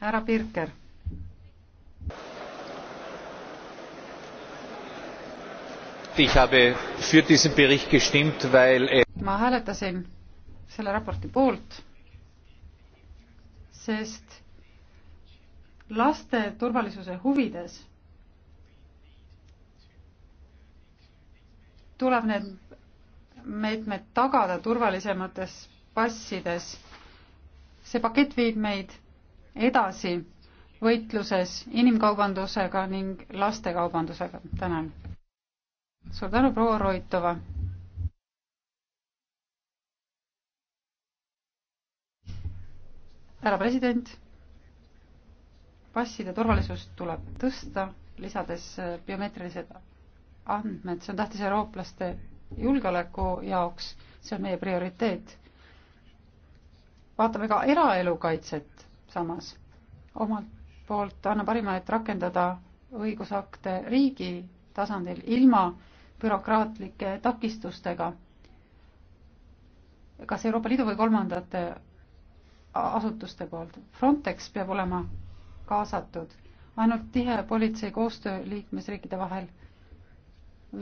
härra Pirker. Er ma hääletasin selle raporti poolt, sest laste turvalisuse huvides tuleb need meetmed tagada turvalisemates passides. see pakett viib meid edasi võitluses inimkaubandusega ning lastekaubandusega. tänan. suur tänu, proua Roitova. härra president, passide turvalisust tuleb tõsta, lisades biomeetrilised andmed, see on tähtis eurooplaste julgeoleku jaoks, see on meie prioriteet. vaatame ka eraelu kaitset samas omalt poolt anna parima, et rakendada õigusakte riigi tasandil ilma bürokraatlike takistustega, kas Euroopa Liidu või kolmandate asutuste poolt. Frontex peab olema kaasatud, ainult tihe politsei koostöö liikmesriikide vahel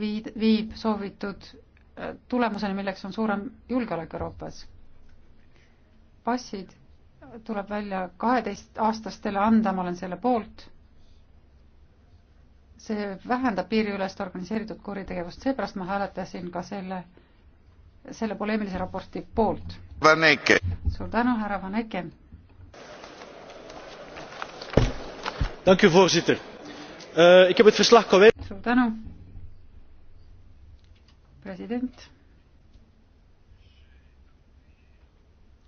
viid, viib soovitud äh, tulemuseni, milleks on suurem julgeolek Euroopas. passid tuleb välja kaheteistaastastele anda, ma olen selle poolt. see vähendab piiriülest organiseeritud kuritegevust, seepärast ma hääletasin ka selle, selle poleemilise raporti poolt. suur tänu, härra Van Eken. Eh, suur tänu, president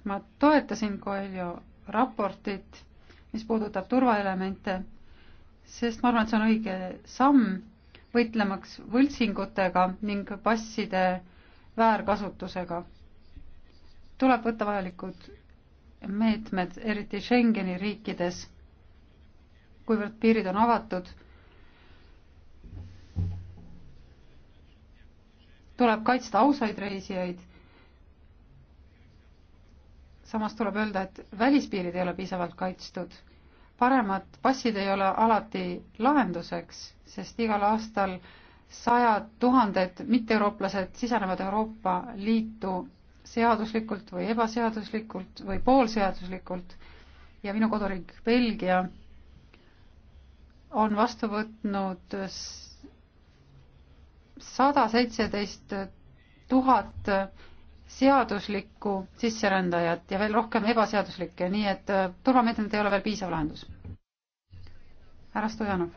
ma toetasin Koeljo raportit, mis puudutab turvaelemente, sest ma arvan, et see on õige samm võitlemaks võltsingutega ning passide väärkasutusega. tuleb võtta vajalikud meetmed, eriti Schengeni riikides, kuivõrd piirid on avatud, tuleb kaitsta ausaid reisijaid samas tuleb öelda, et välispiirid ei ole piisavalt kaitstud. paremad passid ei ole alati lahenduseks, sest igal aastal sajad tuhanded mitteeurooplased sisenevad Euroopa Liitu seaduslikult või ebaseaduslikult või poolseaduslikult ja minu koduriik Belgia on vastu võtnud sada seitseteist tuhat seaduslikku sisserändajat ja veel rohkem ebaseaduslikke, nii et äh, turvameetmed ei ole veel piisav lahendus. härra Stojanov.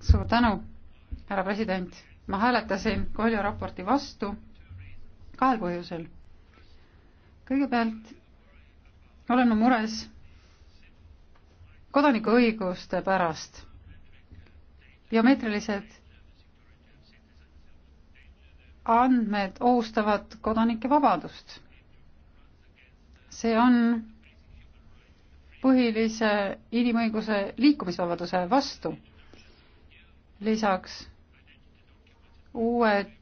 suur tänu, härra president. ma hääletasin Koljo raporti vastu kahel põhjusel. kõigepealt olen ma mures kodanikuõiguste pärast. biomeetrilised andmed ohustavad kodanike vabadust. see on põhilise inimõiguse liikumisvabaduse vastu. lisaks uued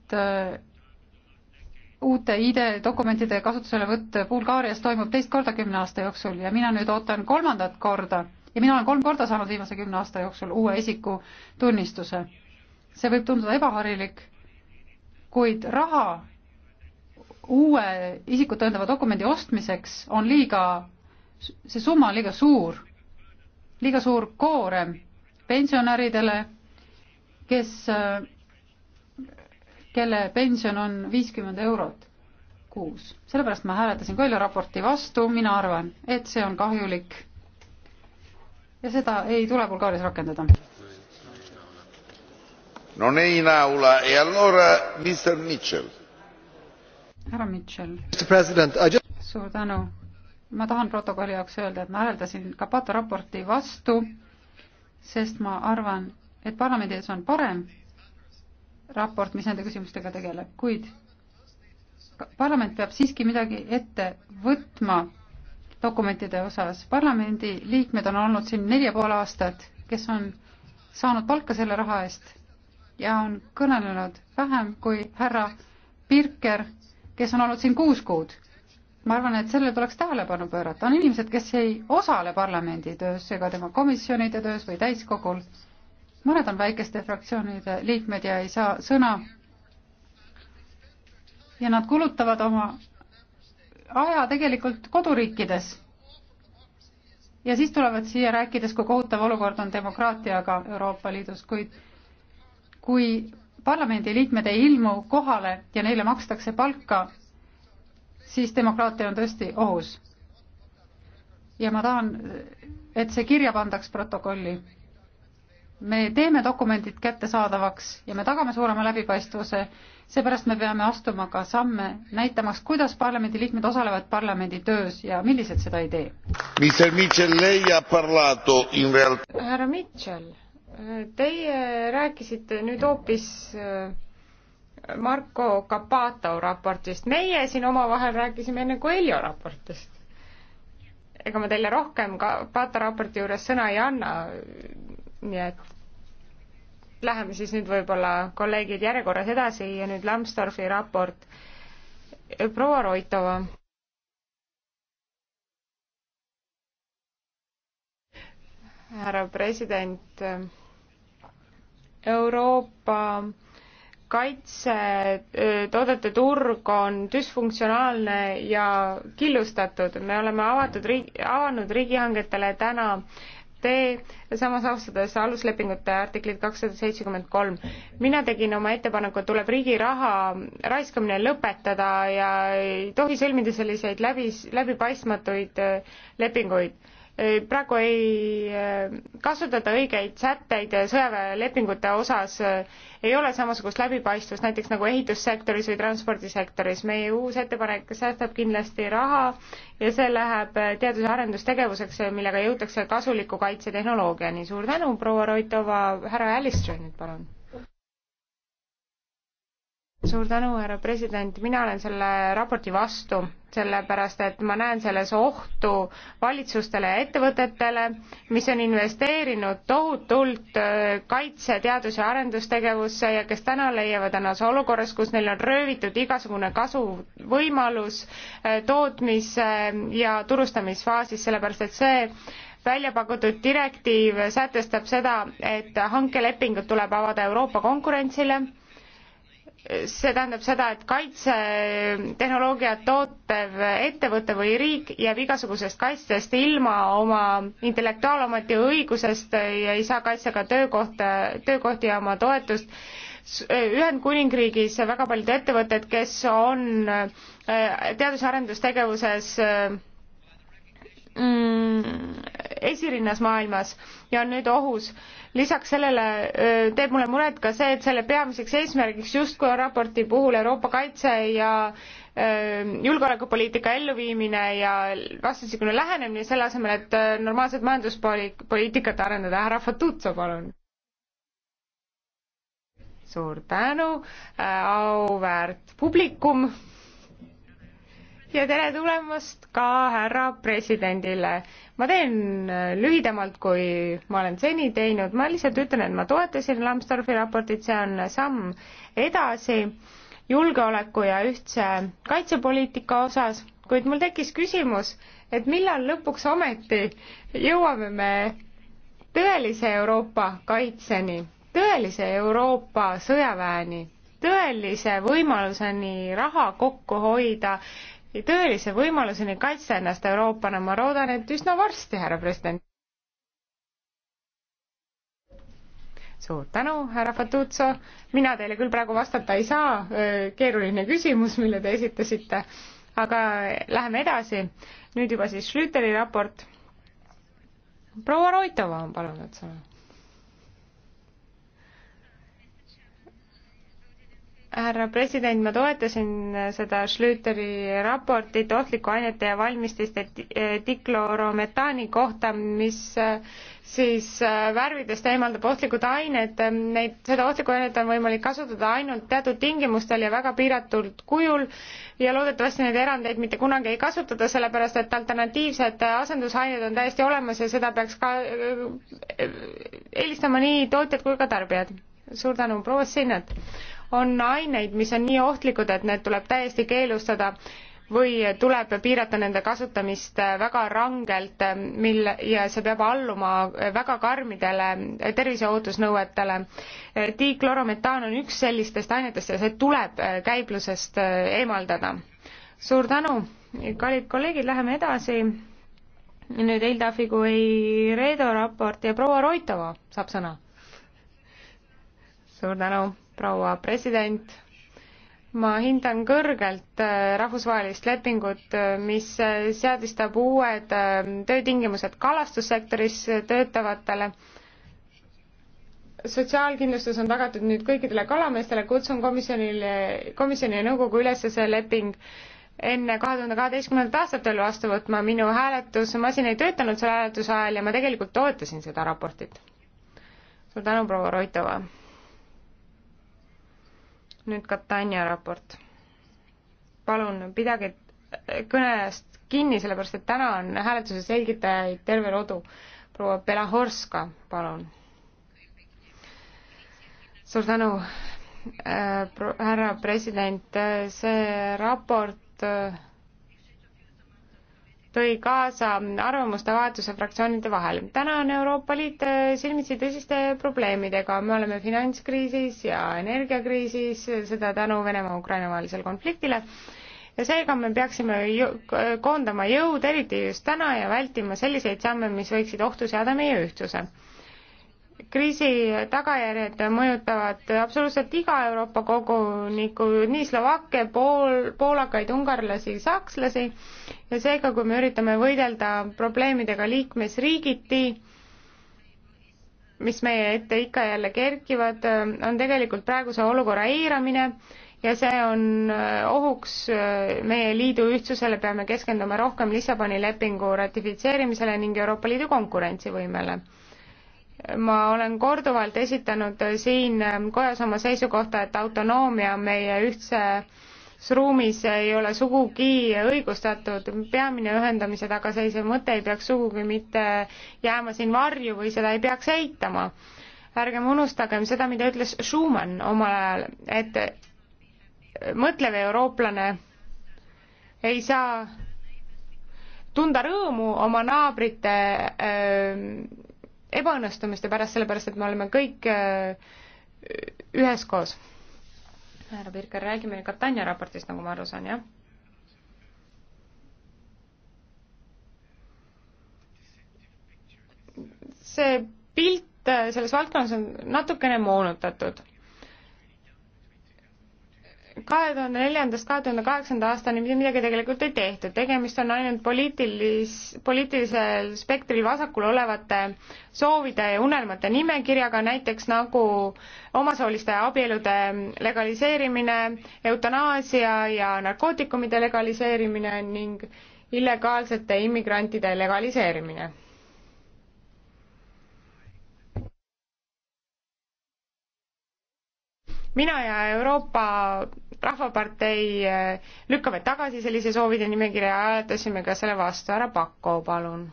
uute ID-dokumentide kasutuselevõtt Bulgaarias toimub teist korda kümne aasta jooksul ja mina nüüd ootan kolmandat korda ja mina olen kolm korda saanud viimase kümne aasta jooksul uue isikutunnistuse. see võib tunduda ebaharilik, kuid raha uue isikut tõendava dokumendi ostmiseks on liiga, see summa on liiga suur, liiga suur koorem pensionäridele, kes, kelle pension on viiskümmend eurot kuus. sellepärast ma hääletasin Kõlja raporti vastu, mina arvan, et see on kahjulik ja seda ei tule Bulgaarias rakendada. Non è in aula e allora Mr Mitchell. härra Mitchell. Just... suur tänu. ma tahan protokolli jaoks öelda, et ma hääldasin Kapato raporti vastu, sest ma arvan, et parlamendi ees on parem raport, mis nende küsimustega tegeleb, kuid parlament peab siiski midagi ette võtma dokumentide osas. parlamendi liikmed on olnud siin neli ja pool aastat, kes on saanud palka selle raha eest ja on kõnelenud vähem kui härra Pirker, kes on olnud siin kuus kuud. ma arvan, et sellele tuleks tähelepanu pöörata. on inimesed, kes ei osale parlamendi töös ega tema komisjonide töös või täiskogul. mõned on väikeste fraktsioonide liikmed ja ei saa sõna. ja nad kulutavad oma aja tegelikult koduriikides. ja siis tulevad siia rääkides, kui kohutav olukord on demokraatiaga Euroopa Liidus, kuid kui parlamendiliikmed ei ilmu kohale ja neile makstakse palka, siis demokraatia on tõesti ohus. ja ma tahan, et see kirja pandaks protokolli me teeme dokumendid kättesaadavaks ja me tagame suurema läbipaistvuse, seepärast me peame astuma ka samme, näitamaks, kuidas parlamendiliikmed osalevad parlamendi töös ja millised seda ei tee. härra Mitchell, teie rääkisite nüüd hoopis äh, Marko Kapato raportist, meie siin omavahel rääkisime enne Coelho raportist ega ma teile rohkem ka Pata raporti juures sõna ei anna, nii et läheme siis nüüd võib-olla kolleegid järjekorras edasi ja nüüd Lambsdorfi raport. proua Roitova. härra president, Euroopa kaitsetoodete turg on düsfunktsionaalne ja killustatud. me oleme avatud riik, avanud riigihangetele täna tee, samas austades aluslepingute artiklit kakssada seitsekümmend kolm. mina tegin oma ettepaneku, et tuleb riigi raha raiskamine lõpetada ja ei tohi sõlmida selliseid läbi, läbipaistmatuid äh, lepinguid praegu ei eh, kasutata õigeid sätteid sõjaväelepingute osas, ei ole samasugust läbipaistvust näiteks nagu ehitussektoris või transpordisektoris. meie uus ettepanek säästab kindlasti raha ja see läheb teadus- ja arendustegevuseks, millega jõutakse kasuliku kaitsetehnoloogiani. suur tänu, proua Roitova, härra Alistair nüüd palun suur tänu, härra president, mina olen selle raporti vastu, sellepärast et ma näen selles ohtu valitsustele ja ettevõtetele, mis on investeerinud tohutult äh, kaitse, teadus- ja arendustegevusse ja kes täna leiavad ennast olukorras, kus neil on röövitud igasugune kasuvõimalus äh, tootmise äh, ja turustamisfaasis, sellepärast et see välja pakutud direktiiv sätestab seda, et hankelepingud tuleb avada Euroopa konkurentsile see tähendab seda, et kaitsetehnoloogiat tootev ettevõte või riik jääb igasugusest kaitsest ilma oma intellektuaalomandi õigusest ja ei saa kaitsega töökohta, töökohti ja oma toetust. Ühendkuningriigis väga paljud ettevõtted, kes on äh, teadus- ja arendustegevuses äh, mm, esirinnas maailmas ja on nüüd ohus. lisaks sellele teeb mulle muret ka see, et selle peamiseks eesmärgiks justkui on raporti puhul Euroopa kaitse ja julgeolekupoliitika elluviimine ja vastastikune lähenemine, selle asemel, et normaalset majanduspoliitikat arendada. härra Fatuzzo, palun. suur tänu, äh, auväärt publikum ja tere tulemast ka härra presidendile. ma teen äh, lühidamalt, kui ma olen seni teinud, ma lihtsalt ütlen, et ma toetasin Lambsdorfi raportit, see on samm edasi julgeoleku ja ühtse kaitsepoliitika osas, kuid mul tekkis küsimus, et millal lõpuks ometi jõuame me tõelise Euroopa kaitseni, tõelise Euroopa sõjaväeni, tõelise võimaluseni raha kokku hoida tõelise võimaluseni kaitsta ennast Euroopana, ma loodan, et üsna varsti, härra president. suur tänu, härra Fatuzzo, mina teile küll praegu vastata ei saa, keeruline küsimus, mille te esitasite, aga läheme edasi. nüüd juba siis Schlüteri raport. proua Roitova on palunud sõna härra president, ma toetasin seda Schlüteri raportit ohtliku ainete ja valmististe eh, diklorometaani kohta, mis eh, siis eh, värvidest eemaldab ohtlikud ained, neid, seda ohtlikku ainet on võimalik kasutada ainult teatud tingimustel ja väga piiratud kujul ja loodetavasti neid erandeid mitte kunagi ei kasutata, sellepärast et alternatiivsed asendusained on täiesti olemas ja seda peaks ka eelistama nii tootjad kui ka tarbijad. suur tänu, proua Sinnet! on aineid, mis on nii ohtlikud, et need tuleb täiesti keelustada või tuleb piirata nende kasutamist väga rangelt, mil ja see peab alluma väga karmidele terviseohutusnõuetele. diiklorometaan on üks sellistest ainetest ja see tuleb käiblusest eemaldada. suur tänu, kallid kolleegid, läheme edasi. nüüd Hilda Figueiredo raport ja proua Roitova saab sõna. suur tänu proua president, ma hindan kõrgelt äh, rahvusvahelist lepingut, äh, mis äh, seadistab uued töötingimused kalastussektoris töötavatele. sotsiaalkindlustus on tagatud nüüd kõikidele kalameestele, kutsun komisjonile, komisjoni ja nõukogu üles see leping enne kahe tuhande kaheteistkümnendat aastat veel vastu võtma, minu hääletusmasin ei töötanud selle hääletuse ajal ja ma tegelikult toetasin seda raportit. suur tänu, proua Roitova! nüüd Katania raport. palun pidage äh, kõnest kinni, sellepärast et täna on hääletuse selgitajaid terve rodu. proua Belahorska, palun. suur tänu äh,, härra president, äh, see raport äh, tõi kaasa arvamuste vahetuse fraktsioonide vahel. täna on Euroopa Liit äh, silmitsi tõsiste probleemidega, me oleme finantskriisis ja energiakriisis, seda tänu Venemaa-Ukraina vahelisele konfliktile ja seega me peaksime jõ koondama jõud, eriti just täna, ja vältima selliseid samme, mis võiksid ohtu seada meie ühtsuse kriisi tagajärjed mõjutavad absoluutselt iga Euroopa kogunikku, nii Slovakkia, pool, poolakaid, ungarlasi, sakslasi ja seega, kui me üritame võidelda probleemidega liikmesriigiti, mis meie ette ikka jälle kerkivad, on tegelikult praeguse olukorra eiramine ja see on ohuks meie liidu ühtsusele, peame keskenduma rohkem Lissaboni lepingu ratifitseerimisele ning Euroopa Liidu konkurentsivõimele ma olen korduvalt esitanud siin kojas oma seisukohta, et autonoomia meie ühtses ruumis ei ole sugugi õigustatud. peamine ühendamise tagaseisev mõte ei peaks sugugi mitte jääma siin varju või seda ei peaks eitama. ärgem unustagem seda, mida ütles Schumann omal ajal, et mõtlev eurooplane ei saa tunda rõõmu oma naabrite öö, ebaõnnestumiste pärast, sellepärast et me oleme kõik äh, üheskoos. härra Pirker, räägime Katania raportist, nagu ma aru saan, jah? see pilt äh, selles valdkonnas on natukene moonutatud kahe tuhande neljandast kahe tuhande kaheksanda aastani mitte midagi tegelikult ei tehtud, tegemist on ainult poliitilis-, poliitilisel spektril vasakul olevate soovide ja unelmate nimekirjaga, näiteks nagu omasooliste abielude legaliseerimine, eutanaasia ja narkootikumide legaliseerimine ning illegaalsete immigrantide legaliseerimine mina ja Euroopa Rahvapartei eh, lükkame tagasi sellise soovide nimekirja ja hääletasime ka selle vastu. härra Pakko, palun.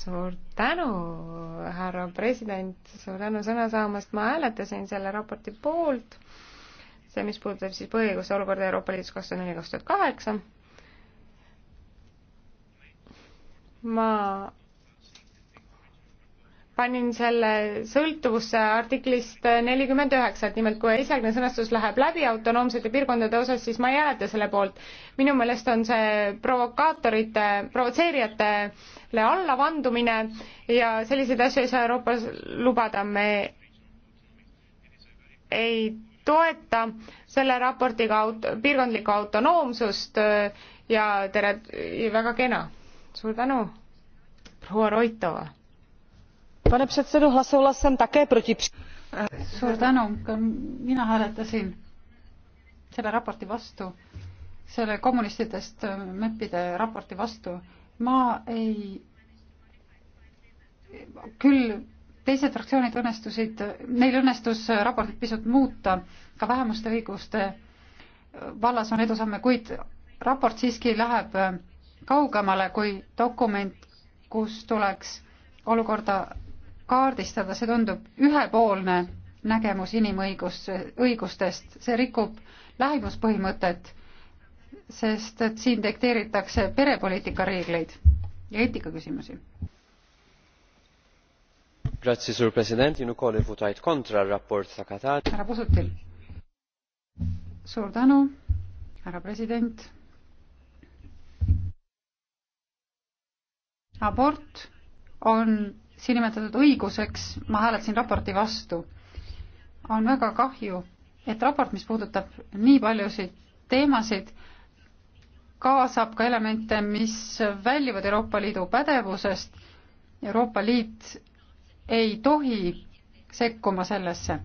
suur tänu, härra president, suur tänu sõna saamast. ma hääletasin selle raporti poolt, see, mis puudutab siis põhiõiguste olukorda Euroopa Liidus kaks tuhat neli, kaks tuhat kaheksa. ma panin selle sõltuvusse artiklist nelikümmend üheksa, et nimelt kui esialgne sõnastus läheb läbi autonoomsete piirkondade osas, siis ma ei hääleta selle poolt. minu meelest on see provokaatorite, provotseerijatele allavandumine ja selliseid asju ei saa Euroopas lubada, me ei toeta selle raportiga aut-, piirkondlikku autonoomsust ja tere, väga kena. suur tänu, proua Roitova pane předsedo hlasovala jsem také proti. suur tänu ka mina hääletasin selle raporti vastu selle kommunistidest äh, meppide raporti vastu ma ei küll teised fraktsioonid õnnestusid neil õnnestus raportit pisut muuta ka vähemuste õiguste äh, vallas on edusamme kuid raport siiski läheb äh, kaugemale kui dokument kus tuleks olukorda kaardistada, see tundub ühepoolne nägemus inimõigus, õigustest, see rikub lähimuspõhimõtet, sest et siin dikteeritakse perepoliitika reegleid ja eetikaküsimusi. härra Pusutil. suur tänu, härra president. abort on siin nimetatud õiguseks ma hääletasin raporti vastu. on väga kahju, et raport, mis puudutab nii paljusid teemasid, kaasab ka elemente, mis väljuvad Euroopa Liidu pädevusest. Euroopa Liit ei tohi sekkuma sellesse,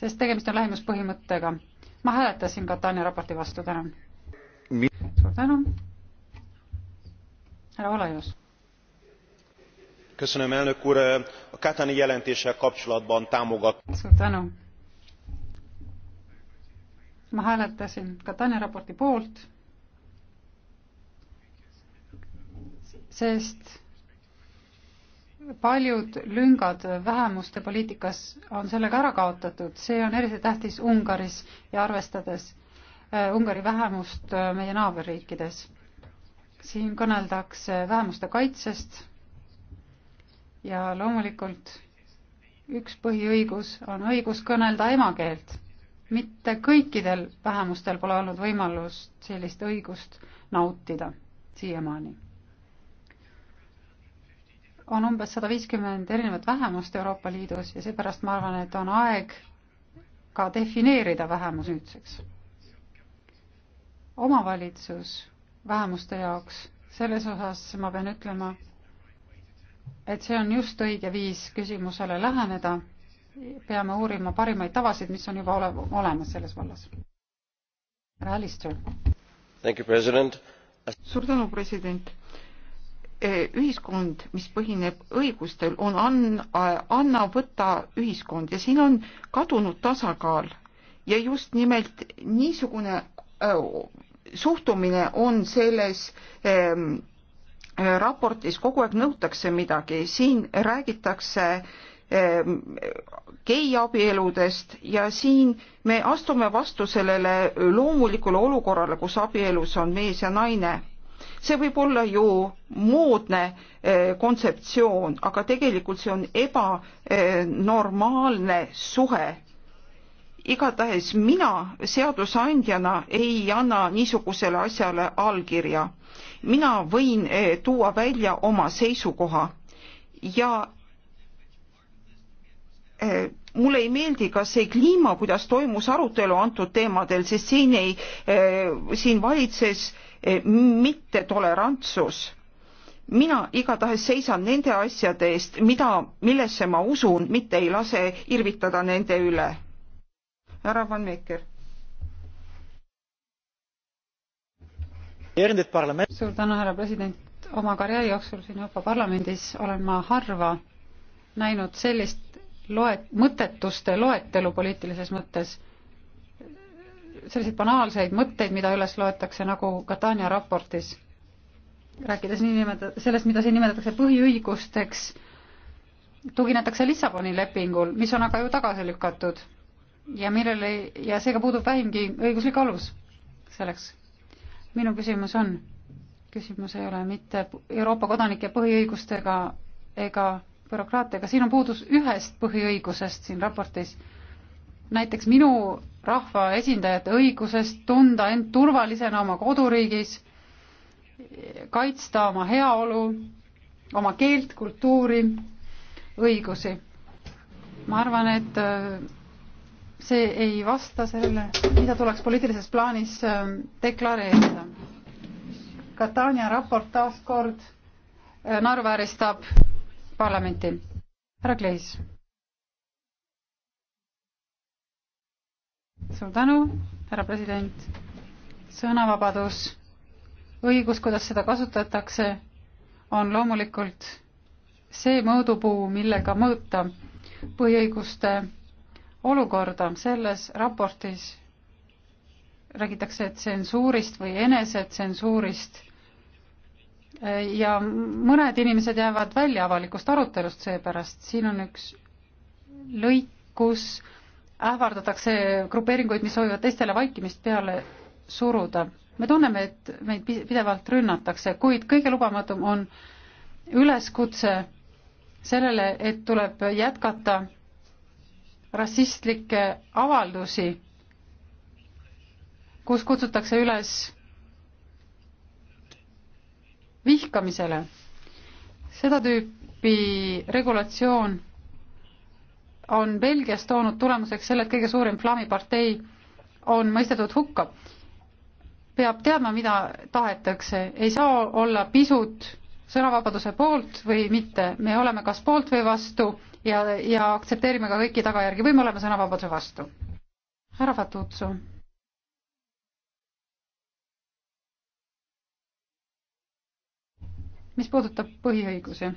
sest tegemist on lähimuspõhimõttega. ma hääletasin Katania raporti vastu, tänan. suur tänu. härra Olajus a katainen jelentéssel kapcsolatban támogattam. ma hääletasin katainen raporti poolt sest paljud lüngad vähemuste poliitikas on sellega ära kaotatud, see on eriti tähtis Ungaris ja arvestades eh, Ungari vähemust eh, meie naaberriikides. siin kõneldakse vähemuste kaitsest ja loomulikult üks põhiõigus on õigus kõnelda emakeelt. mitte kõikidel vähemustel pole olnud võimalust sellist õigust nautida siiamaani. on umbes sada viiskümmend erinevat vähemust Euroopa Liidus ja seepärast ma arvan, et on aeg ka defineerida vähemus nüüdseks. omavalitsus vähemuste jaoks, selles osas ma pean ütlema, et see on just õige viis küsimusele läheneda. peame uurima parimaid tavasid, mis on juba ole, olemas selles vallas. härra Alistair. suur tänu, president e, ühiskond, mis põhineb õigustel, on anna, anna võtta ühiskond ja siin on kadunud tasakaal ja just nimelt niisugune äh, suhtumine on selles ähm, Äh, raportis kogu aeg nõutakse midagi, siin räägitakse ähm, geiabieludest ja siin me astume vastu sellele loomulikule olukorrale, kus abielus on mees ja naine. see võib olla ju moodne äh, kontseptsioon, aga tegelikult see on ebanormaalne suhe igatahes mina seadusandjana ei anna niisugusele asjale allkirja. mina võin eh, tuua välja oma seisukoha ja eh, mulle ei meeldi ka see kliima, kuidas toimus arutelu antud teemadel, sest siin ei, eh, siin valitses mittetolerantsus. mina igatahes seisan nende asjade eest, mida, millesse ma usun, mitte ei lase irvitada nende üle härra Van Mekker. suur tänu, härra president. oma karjääri jooksul siin Euroopa Parlamendis olen ma harva näinud sellist loe-, mõttetuste loetelu poliitilises mõttes, selliseid banaalseid mõtteid, mida üles loetakse, nagu Katania raportis, rääkides niinimeta-, sellest, mida siin nimetatakse põhiõigusteks, tuginetakse Lissaboni lepingul, mis on aga ju tagasi lükatud ja millel ei, ja seega puudub vähimgi õiguslik alus selleks. minu küsimus on, küsimus ei ole mitte Euroopa kodanike põhiõigustega ega bürokraatiaga, siin on puudus ühest põhiõigusest siin raportis. näiteks minu rahva esindajate õigusest tunda end turvalisena oma koduriigis, kaitsta oma heaolu, oma keelt, kultuuri, õigusi. ma arvan, et see ei vasta sellele, mida tuleks poliitilises plaanis ähm, deklareerida. Katania raport taas kord äh, naeruvääristab parlamenti. härra Kleis. suur tänu, härra president. sõnavabadus, õigus, kuidas seda kasutatakse, on loomulikult see mõõdupuu, millega mõõta põhiõiguste olukorda. selles raportis räägitakse tsensuurist või enesetsensuurist eh, ja mõned inimesed jäävad välja avalikust arutelust seepärast. siin on üks lõik, kus ähvardatakse grupeeringuid, mis soovivad teistele vaikimist peale suruda. me tunneme, et meid pidevalt rünnatakse, kuid kõige lubamatum on üleskutse sellele, et tuleb jätkata rassistlikke avaldusi, kus kutsutakse üles vihkamisele. seda tüüpi regulatsioon on Belgias toonud tulemuseks selle, et kõige suurem flammipartei on mõistetud hukka. peab teadma, mida tahetakse, ei saa olla pisut sõnavabaduse poolt või mitte, me oleme kas poolt või vastu ja, ja aktsepteerime ka kõiki tagajärgi või me oleme sõnavabaduse vastu. härra Fatutsu. mis puudutab põhiõigusi,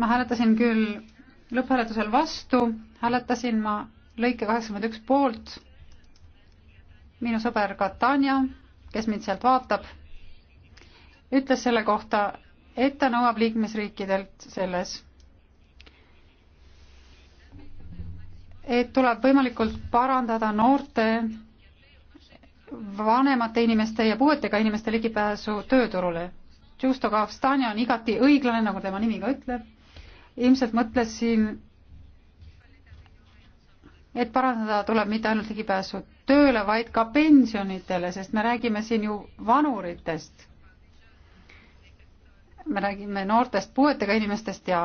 ma hääletasin küll lõpphääletusel vastu, hääletasin ma lõike kaheksakümmend üks poolt, minu sõber Katania, kes mind sealt vaatab, ütles selle kohta, et ta nõuab liikmesriikidelt selles, et tuleb võimalikult parandada noorte, vanemate inimeste ja puuetega inimeste ligipääsu tööturule. Justo Kavstanja on igati õiglane, nagu tema nimi ka ütleb. ilmselt mõtlesin, et parandada tuleb mitte ainult ligipääsu tööle, vaid ka pensionitele, sest me räägime siin ju vanuritest me räägime noortest puuetega inimestest ja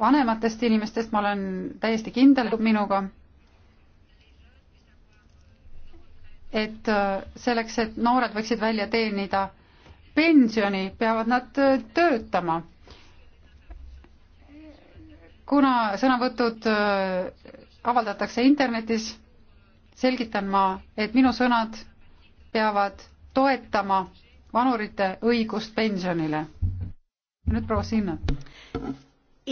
vanematest inimestest, ma olen täiesti kindel minuga, et äh, selleks, et noored võiksid välja teenida pensioni, peavad nad äh, töötama. kuna sõnavõtud äh, avaldatakse internetis, selgitan ma, et minu sõnad peavad toetama vanurite õigust pensionile. nüüd proua Signe.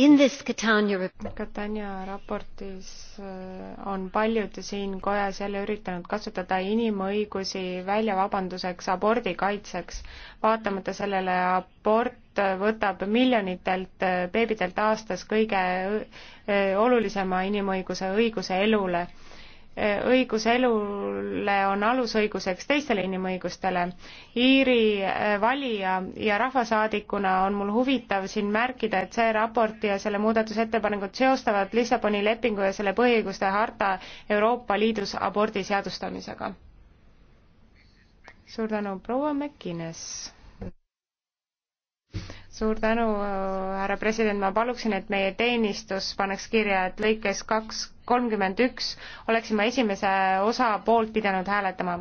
In this Catania Catania raportis äh, on paljud siin kojas jälle üritanud kasutada inimõigusi väljavabanduseks abordi kaitseks. vaatamata sellele abort võtab miljonitelt äh, beebidelt aastas kõige äh, olulisema inimõiguse õiguse elule õigus elule on alusõiguseks teistele inimõigustele. Iiri äh, valija ja rahvasaadikuna on mul huvitav siin märkida, et see raport ja selle muudatusettepanekud seostavad Lissaboni lepingu ja selle põhiõiguste harta Euroopa Liidus abordi seadustamisega. suur tänu, proua McInnes suur tänu, äh, härra president, ma paluksin, et meie teenistus paneks kirja, et lõikes kaks kolmkümmend üks oleksin ma esimese osa poolt pidanud hääletama.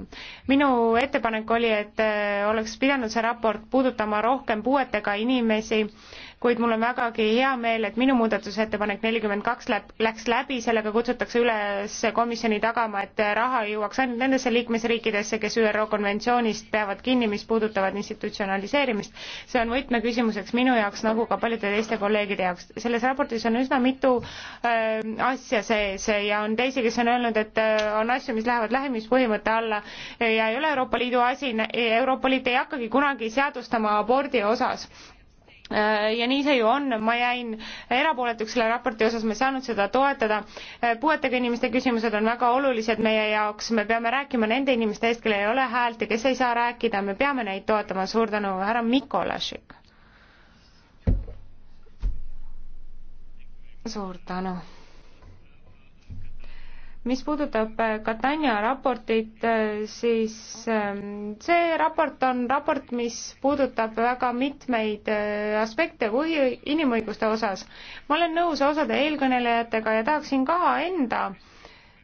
minu ettepanek oli, et äh, oleks pidanud see raport puudutama rohkem puuetega inimesi kuid mul on vägagi hea meel, et minu muudatusettepanek nelikümmend kaks läheb, läks läbi, sellega kutsutakse üles komisjoni tagama, et raha jõuaks ainult nendesse liikmesriikidesse, kes ÜRO konventsioonist peavad kinni, mis puudutavad institutsionaliseerimist. see on võtmeküsimuseks minu jaoks, nagu ka paljude teiste kolleegide jaoks. selles raportis on üsna mitu äh, asja sees ja on teisi, kes on öelnud, et äh, on asju, mis lähevad lähimispõhimõtte alla ja ei ole Euroopa Liidu asi, Euroopa Liit ei hakkagi kunagi seadustama abordi osas Äh, ja nii see ju on, ma jäin erapooletuks selle raporti osas, ma ei saanud seda toetada. Äh, puuetega inimeste küsimused on väga olulised meie jaoks, me peame rääkima nende inimeste eest, kellel ei ole häält ja kes ei saa rääkida, me peame neid toetama, suur tänu, härra Mikolašik. suur tänu mis puudutab Katania äh, raportit, äh, siis ähm, see raport on raport, mis puudutab väga mitmeid äh, aspekte või inimõiguste osas. ma olen nõus osade eelkõnelejatega ja tahaksin ka enda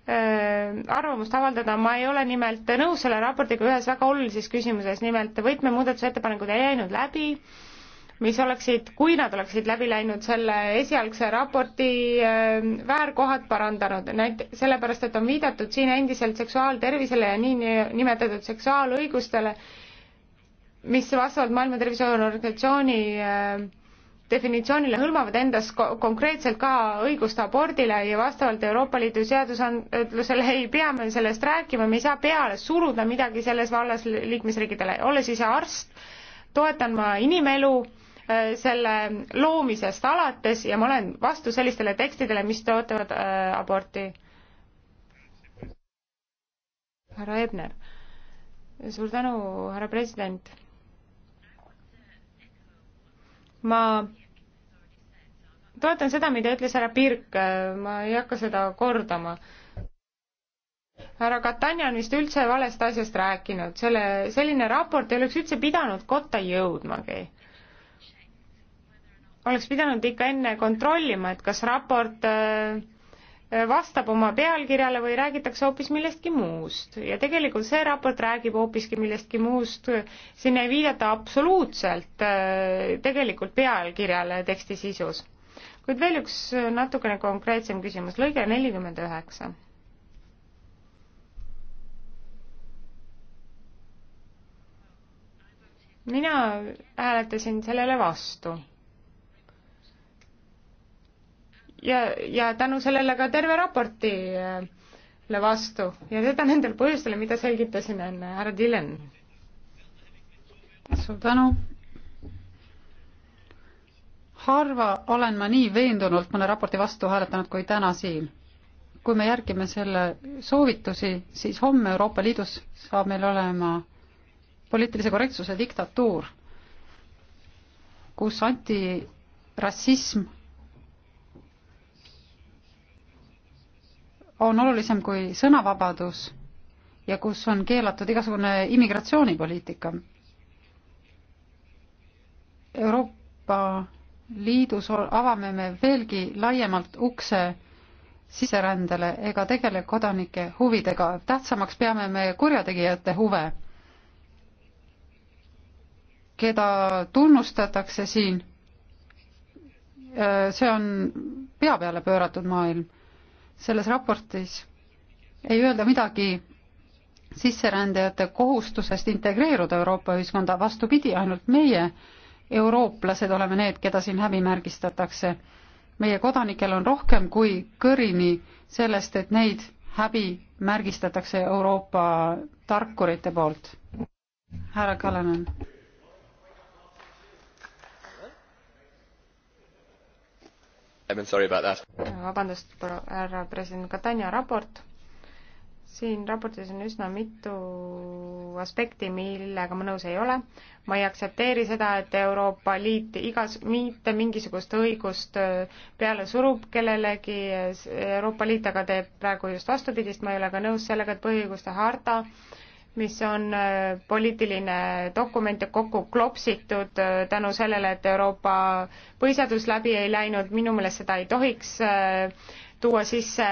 arvamust avaldada, ma ei ole nimelt nõus selle raportiga ühes väga olulises küsimuses, nimelt võtmemuudatusettepanekud ei läinud läbi mis oleksid, kui nad oleksid läbi läinud selle esialgse raporti äh, väärkohad parandanud, näit-, sellepärast et on viidatud siin endiselt seksuaaltervisele ja niinimetatud seksuaalõigustele, mis vastavalt Maailma Terviseorganisatsiooni äh, definitsioonile hõlmavad endas konkreetselt ka õigust abordile ja vastavalt Euroopa Liidu seadusandlusele ei pea me sellest rääkima, me ei saa peale suruda midagi selles vallas liikmesriikidele, olles ise arst, toetan ma inimelu Äh, selle loomisest alates ja ma olen vastu sellistele tekstidele, mis toetavad äh, aborti. härra Ebner, suur tänu, härra president. ma toetan seda, mida ütles härra Pirk, äh, ma ei hakka seda kordama härra Katanja on vist üldse valest asjast rääkinud, selle, selline raport ei oleks üldse pidanud kotta jõudmagi okay oleks pidanud ikka enne kontrollima, et kas raport äh, vastab oma pealkirjale või räägitakse hoopis millestki muust ja tegelikult see raport räägib hoopiski millestki muust, siin ei viidata absoluutselt äh, tegelikult pealkirjale teksti sisus. kuid veel üks äh, natukene konkreetsem küsimus, lõige nelikümmend üheksa mina hääletasin sellele vastu ja, ja tänu sellele ka terve raportile vastu ja seda nendel põhjustel, mida selgitasin enne, härra Tillen. suur tänu. harva olen ma nii veendunult mõne raporti vastu hääletanud kui täna siin. kui me järgime selle soovitusi, siis homme Euroopa Liidus saab meil olema poliitilise korrektsuse diktatuur, kus antirassism on olulisem kui sõnavabadus ja kus on keelatud igasugune immigratsioonipoliitika. Euroopa Liidus avame me veelgi laiemalt ukse siserändele ega tegele kodanike huvidega. tähtsamaks peame me kurjategijate huve, keda tunnustatakse siin. see on pea peale pööratud maailm selles raportis ei öelda midagi sisserändajate kohustusest integreeruda Euroopa ühiskonda, vastupidi, ainult meie, eurooplased, oleme need, keda siin häbimärgistatakse. meie kodanikel on rohkem kui kõrini sellest, et neid häbimärgistatakse Euroopa tarkurite poolt. härra Kalanen vabandust, härra president, Katania raport. siin raportis on üsna mitu aspekti, millega ma nõus ei ole. ma ei aktsepteeri seda, et Euroopa Liit igas, mitte mingisugust õigust äh, peale surub kellelegi, äh, Euroopa Liit aga teeb praegu just vastupidist, ma ei ole ka nõus sellega, et põhiõiguste harta äh, mis on äh, poliitiline dokument ja kokku klopsitud äh, tänu sellele, et Euroopa põhiseadus läbi ei läinud, minu meelest seda ei tohiks äh, tuua sisse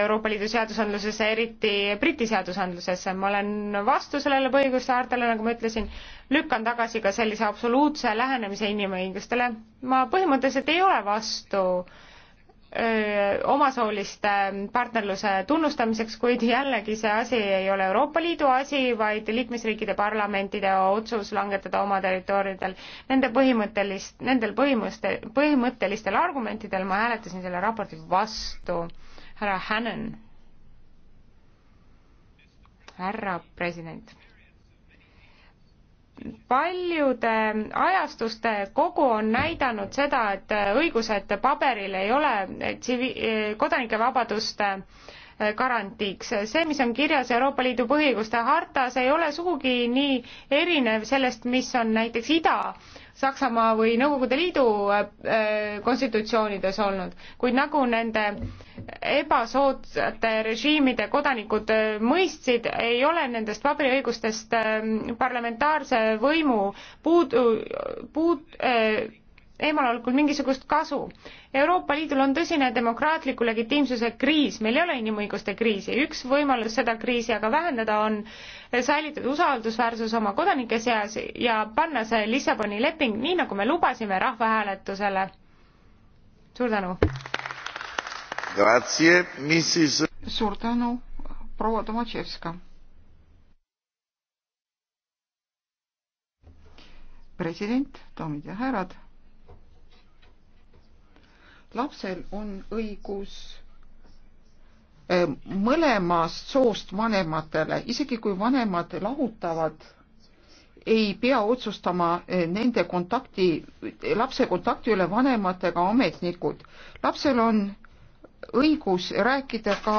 Euroopa Liidu seadusandlusesse, eriti Briti seadusandlusesse. ma olen vastu sellele põhiõiguste haardele, nagu ma ütlesin, lükkan tagasi ka sellise absoluutse lähenemise inimõigustele. ma põhimõtteliselt ei ole vastu äh, omasooliste partnerluse tunnustamiseks, kuid jällegi see asi ei ole Euroopa Liidu asi, vaid liikmesriikide parlamentide otsus langetada oma territooriumidel. Nende põhimõttelist, nendel põhimõtte, põhimõttelistel argumentidel ma hääletasin selle raporti vastu. härra Hannan. härra president paljude ajastuste kogu on näidanud seda, et õigused paberil ei ole tsivi-, kodanikevabaduste garantiiks. see, mis on kirjas Euroopa Liidu põhiõiguste hartas, ei ole sugugi nii erinev sellest, mis on näiteks ida Saksamaa või Nõukogude Liidu äh, äh, konstitutsioonides olnud, kuid nagu nende ebasoodsate režiimide kodanikud äh, mõistsid, ei ole nendest vabariõigustest ähm, parlamentaarse võimu puudu, puud-, eemal olekul mingisugust kasu. Euroopa Liidul on tõsine demokraatliku legitiimsuse kriis, meil ei ole inimõiguste kriisi, üks võimalus seda kriisi aga vähendada on säilitada usaldusväärsus oma kodanike seas ja panna see Lissaboni leping, nii nagu me lubasime, rahvahääletusele. suur tänu! suur tänu, proua Tomatševska! president, daamid ja härrad lapsel on õigus eh, mõlemast soost vanematele, isegi kui vanemad lahutavad, ei pea otsustama eh, nende kontakti, lapse kontakti üle vanematega ametnikud. lapsel on õigus rääkida ka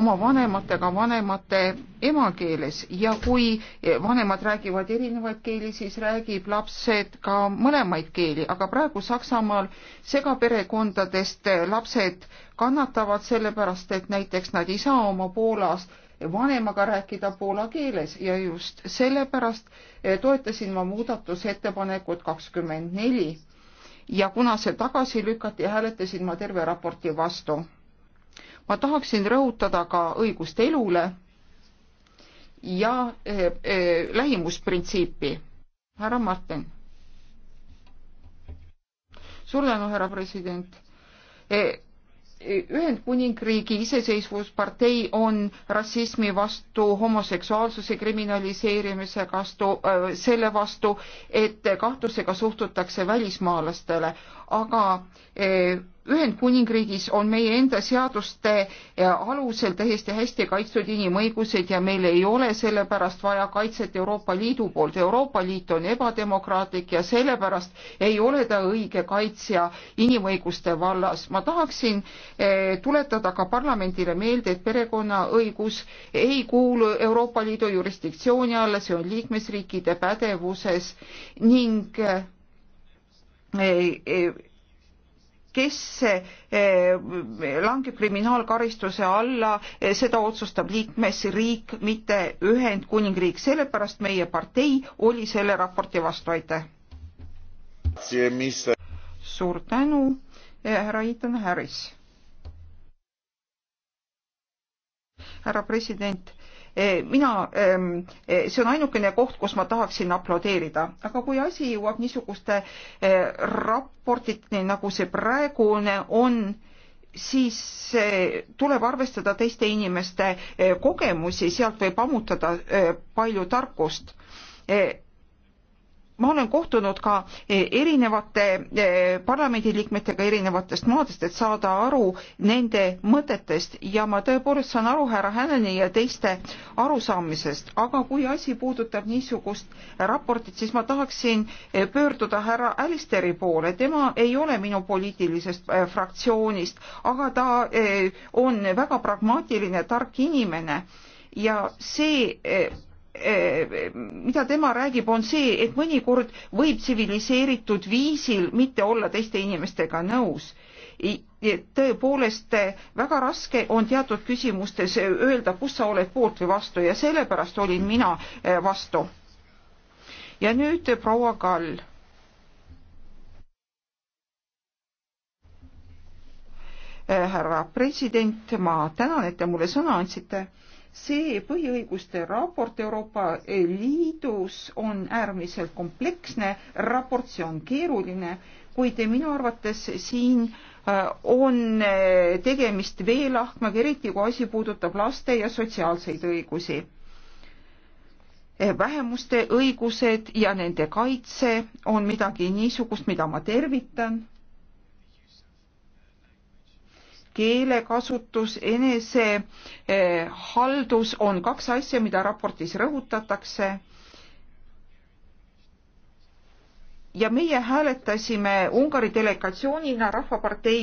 oma vanematega vanemate emakeeles ja kui vanemad räägivad erinevaid keeli, siis räägib lapsed ka mõlemaid keeli, aga praegu Saksamaal segaperekondadest lapsed kannatavad sellepärast, et näiteks nad ei saa oma Poolas vanemaga rääkida poola keeles ja just sellepärast eh, toetasin ma muudatusettepanekut kakskümmend neli ja kuna see tagasi lükati, hääletasin ma terve raporti vastu ma tahaksin rõhutada ka õigust elule ja eh, eh, lähimusprintsiipi. härra Martin. suur tänu, härra president eh,. Ühendkuningriigi iseseisvuspartei on rassismi vastu, homoseksuaalsuse kriminaliseerimise vastu, eh, selle vastu, et kahtlusega suhtutakse välismaalastele, aga eh, Ühendkuningriigis on meie enda seaduste eh, alusel täiesti hästi kaitstud inimõigused ja meil ei ole sellepärast vaja kaitset Euroopa Liidu poolt. Euroopa Liit on ebademokraatlik ja sellepärast ei ole ta õige kaitsja inimõiguste vallas. ma tahaksin eh, tuletada ka parlamendile meelde, et perekonnaõigus ei kuulu Euroopa Liidu jurisdiktsiooni alla, see on liikmesriikide pädevuses ning eh, kes eh, langeb kriminaalkaristuse alla, eh, seda otsustab liikmesriik, mitte Ühendkuningriik, sellepärast meie partei oli selle raporti vastu, aitäh. suur tänu, eh, härra Ethan Harris. härra president Eh, mina, ehm, eh, see on ainukene koht, kus ma tahaksin aplodeerida, aga kui asi jõuab niisuguste eh, raportiteni, nagu see praegune on, siis tuleb arvestada teiste inimeste kogemusi, sealt võib ammutada palju tarkust ma olen kohtunud ka eh, erinevate eh, parlamendiliikmetega erinevatest maadest, et saada aru nende mõtetest ja ma tõepoolest saan aru härra Häneni ja teiste arusaamisest, aga kui asi puudutab niisugust raportit, siis ma tahaksin eh, pöörduda härra Alisteri poole, tema ei ole minu poliitilisest fraktsioonist, aga ta on väga pragmaatiline, tark inimene ja see Eh, mida tema räägib, on see, et mõnikord võib tsiviliseeritud viisil mitte olla teiste inimestega nõus. tõepoolest väga raske on teatud küsimustes öelda, kus sa oled poolt või vastu ja sellepärast olin mina eh, vastu. ja nüüd proua Kall. Eh, härra president, ma tänan, et te mulle sõna andsite see põhiõiguste raport Euroopa Liidus on äärmiselt kompleksne raport, see on keeruline, kuid minu arvates siin äh, on äh, tegemist veelahkmaga, eriti kui asi puudutab laste ja sotsiaalseid õigusi. Äh, vähemuste õigused ja nende kaitse on midagi niisugust, mida ma tervitan keelekasutus, enesehaldus eh, on kaks asja, mida raportis rõhutatakse. ja meie hääletasime Ungari delegatsioonina Rahvapartei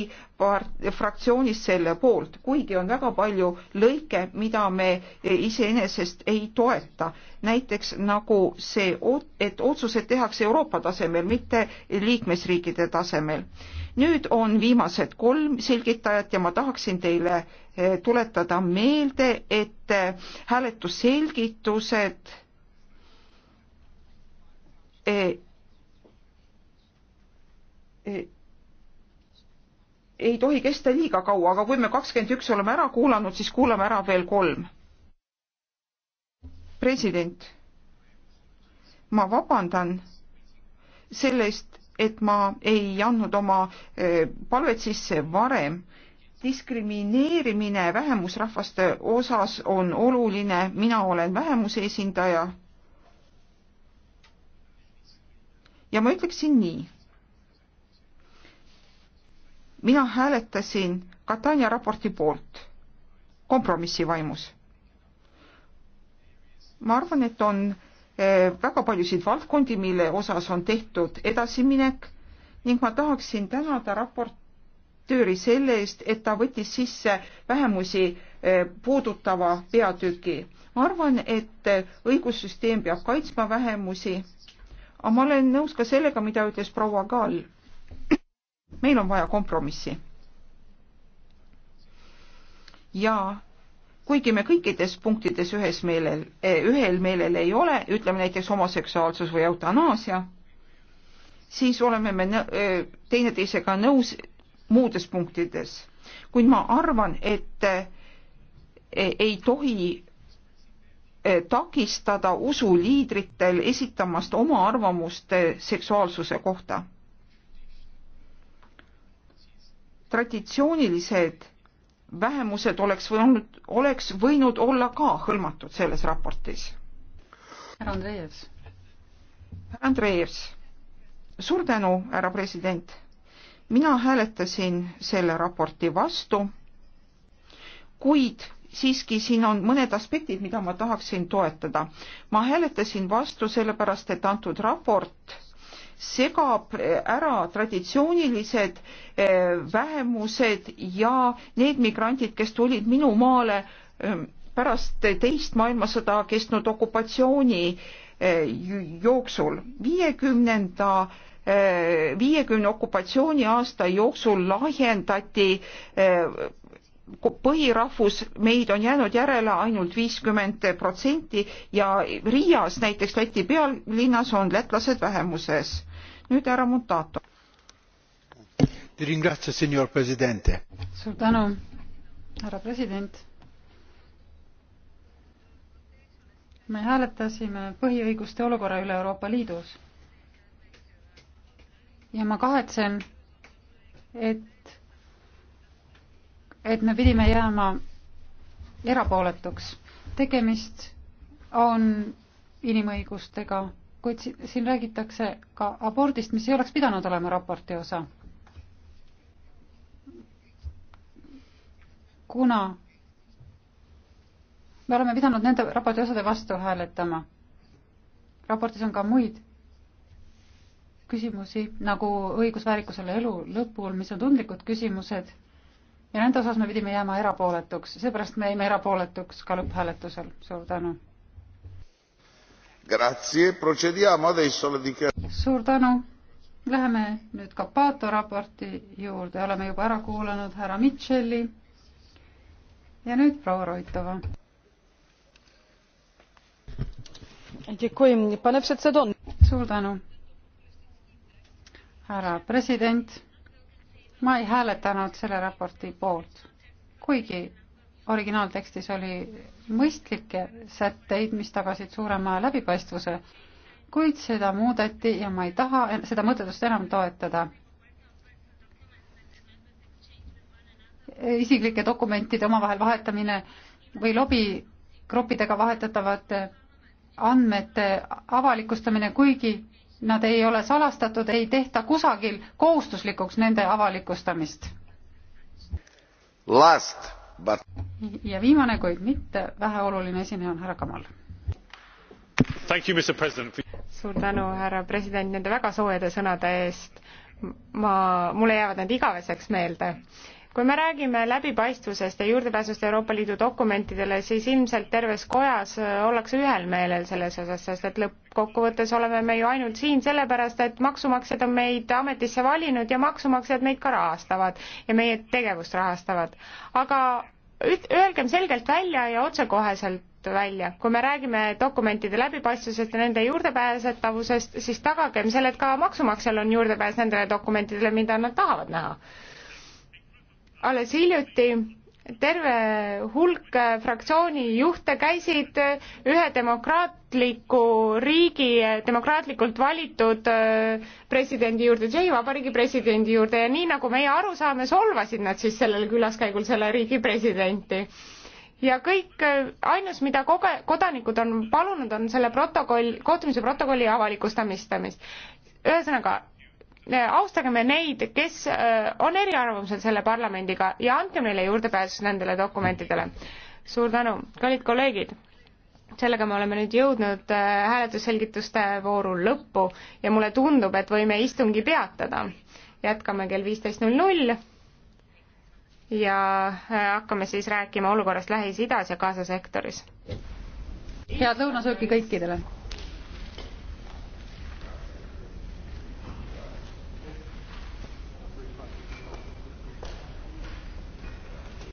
fraktsioonis selle poolt, kuigi on väga palju lõike, mida me eh, iseenesest ei toeta. näiteks nagu see, et otsused tehakse Euroopa tasemel, mitte liikmesriikide tasemel nüüd on viimased kolm selgitajat ja ma tahaksin teile eh, tuletada meelde, et eh, hääletusselgitused eh, ei tohi kesta liiga kaua, aga kui me kakskümmend üks oleme ära kuulanud, siis kuulame ära veel kolm. president, ma vabandan selle eest, et ma ei andnud oma eh, palved sisse varem. diskrimineerimine vähemusrahvaste osas on oluline, mina olen vähemuse esindaja. ja ma ütleksin nii. mina hääletasin Katania raporti poolt kompromissi vaimus. ma arvan, et on Eh, väga paljusid valdkondi, mille osas on tehtud edasiminek ning ma tahaksin tänada raportööri selle eest, et ta võttis sisse vähemusi eh, puudutava peatüki. ma arvan, et eh, õigussüsteem peab kaitsma vähemusi, aga ma olen nõus ka sellega, mida ütles proua Kaal. meil on vaja kompromissi. ja kuigi me kõikides punktides ühes meelel, eh, ühel meelel ei ole, ütleme näiteks homoseksuaalsus või eutanaasia, siis oleme me eh, teineteisega nõus muudes punktides. kuid ma arvan, et eh, ei tohi takistada usuliidritel esitamast oma arvamust seksuaalsuse kohta. traditsioonilised vähemused oleks võinud, oleks võinud olla ka hõlmatud selles raportis. härra Andreevs. härra Andreevs, suur tänu, härra president. mina hääletasin selle raporti vastu, kuid siiski siin on mõned aspektid, mida ma tahaksin toetada. ma hääletasin vastu sellepärast, et antud raport segab eh, ära traditsioonilised eh, vähemused ja need migrandid, kes tulid minu maale eh, pärast teist maailmasõda kestnud okupatsiooni jooksul. viiekümnenda, viiekümne okupatsiooniaasta jooksul lahjendati põhirahvus, meid on jäänud järele ainult viiskümmend protsenti ja Riias näiteks Läti pealinnas on lätlased vähemuses nüüd härra Mutato. suur tänu, härra president. me hääletasime põhiõiguste olukorra üle Euroopa Liidus. ja ma kahetsen, et, et me pidime jääma erapooletuks. tegemist on inimõigustega kuid siin räägitakse ka abordist, mis ei oleks pidanud olema raporti osa. kuna me oleme pidanud nende raporti osade vastu hääletama. raportis on ka muid küsimusi nagu õigusväärikusele elu lõpul, mis on tundlikud küsimused ja nende osas me pidime jääma erapooletuks, seepärast me jäime erapooletuks ka lõpphääletusel. suur tänu suur tänu. Läheme nüüd Kapato raporti juurde, oleme juba ära kuulanud härra Mitchelli. ja nüüd proua Roitova. suur tänu. härra president, ma ei hääletanud selle raporti poolt, kuigi originaaltekstis oli mõistlikke sätteid, mis tagasid suurema läbipaistvuse, kuid seda muudeti ja ma ei taha seda mõttetust enam toetada. isiklike dokumentide omavahel vahetamine või lobigruppidega vahetatavate andmete avalikustamine, kuigi nad ei ole salastatud, ei tehta kusagil kohustuslikuks nende avalikustamist. Last but... ja viimane, kuid mitte väheoluline esineja on härra Kamal. suur tänu, härra president, nende väga soojade sõnade eest. ma, mulle jäävad need igaveseks meelde kui me räägime läbipaistvusest ja juurdepääsust Euroopa Liidu dokumentidele, siis ilmselt terves kojas äh, ollakse ühel meelel selles osas, sest et lõppkokkuvõttes oleme me ju ainult siin sellepärast, et maksumaksjad on meid ametisse valinud ja maksumaksjad meid ka rahastavad ja meie tegevust rahastavad. aga üt-, öelgem selgelt välja ja otsekoheselt välja. kui me räägime dokumentide läbipaistvusest ja nende juurdepääsetavusest, siis tagagem selle, et ka maksumaksjal on juurdepääs nendele dokumentidele, mida nad tahavad näha alles hiljuti terve hulk fraktsiooni juhte käisid ühe demokraatliku riigi demokraatlikult valitud äh, presidendi juurde, Tšehhi Vabariigi presidendi juurde ja nii nagu meie aru saame, solvasid nad siis sellel külaskäigul selle riigi presidenti. ja kõik, äh, ainus, mida koge-, kodanikud on palunud, on selle protokoll, kohtumise protokolli avalikustamist. ühesõnaga, Äh, austagem neid, kes äh, on eriarvamusel selle parlamendiga ja andkem neile juurdepääs nendele dokumentidele. suur tänu, kallid kolleegid, sellega me oleme nüüd jõudnud äh, hääletusselgituste vooru lõppu ja mulle tundub, et võime istungi peatada. jätkame kell viisteist null null ja hakkame siis rääkima olukorrast Lähis-Idas ja Gaza sektoris. head lõunasööki kõikidele!